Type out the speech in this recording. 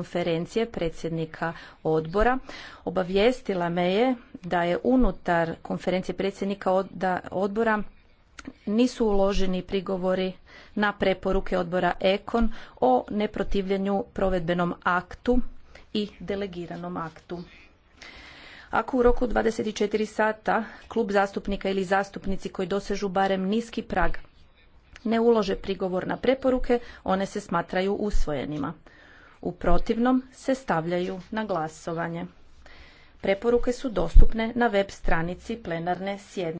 konferencije predsjednika odbora obavijestila me je da je unutar konferencije predsjednika odbora nisu uloženi prigovori na preporuke odbora Ekon o neprotivljenju provedbenom aktu i delegiranom aktu. Ako u roku 24 sata klub zastupnika ili zastupnici koji dosežu barem niski prag ne ulože prigovor na preporuke, one se smatraju usvojenima. U protivnom se stavljaju na glasovanje. Preporuke su dostupne na web stranici plenarne sjednice.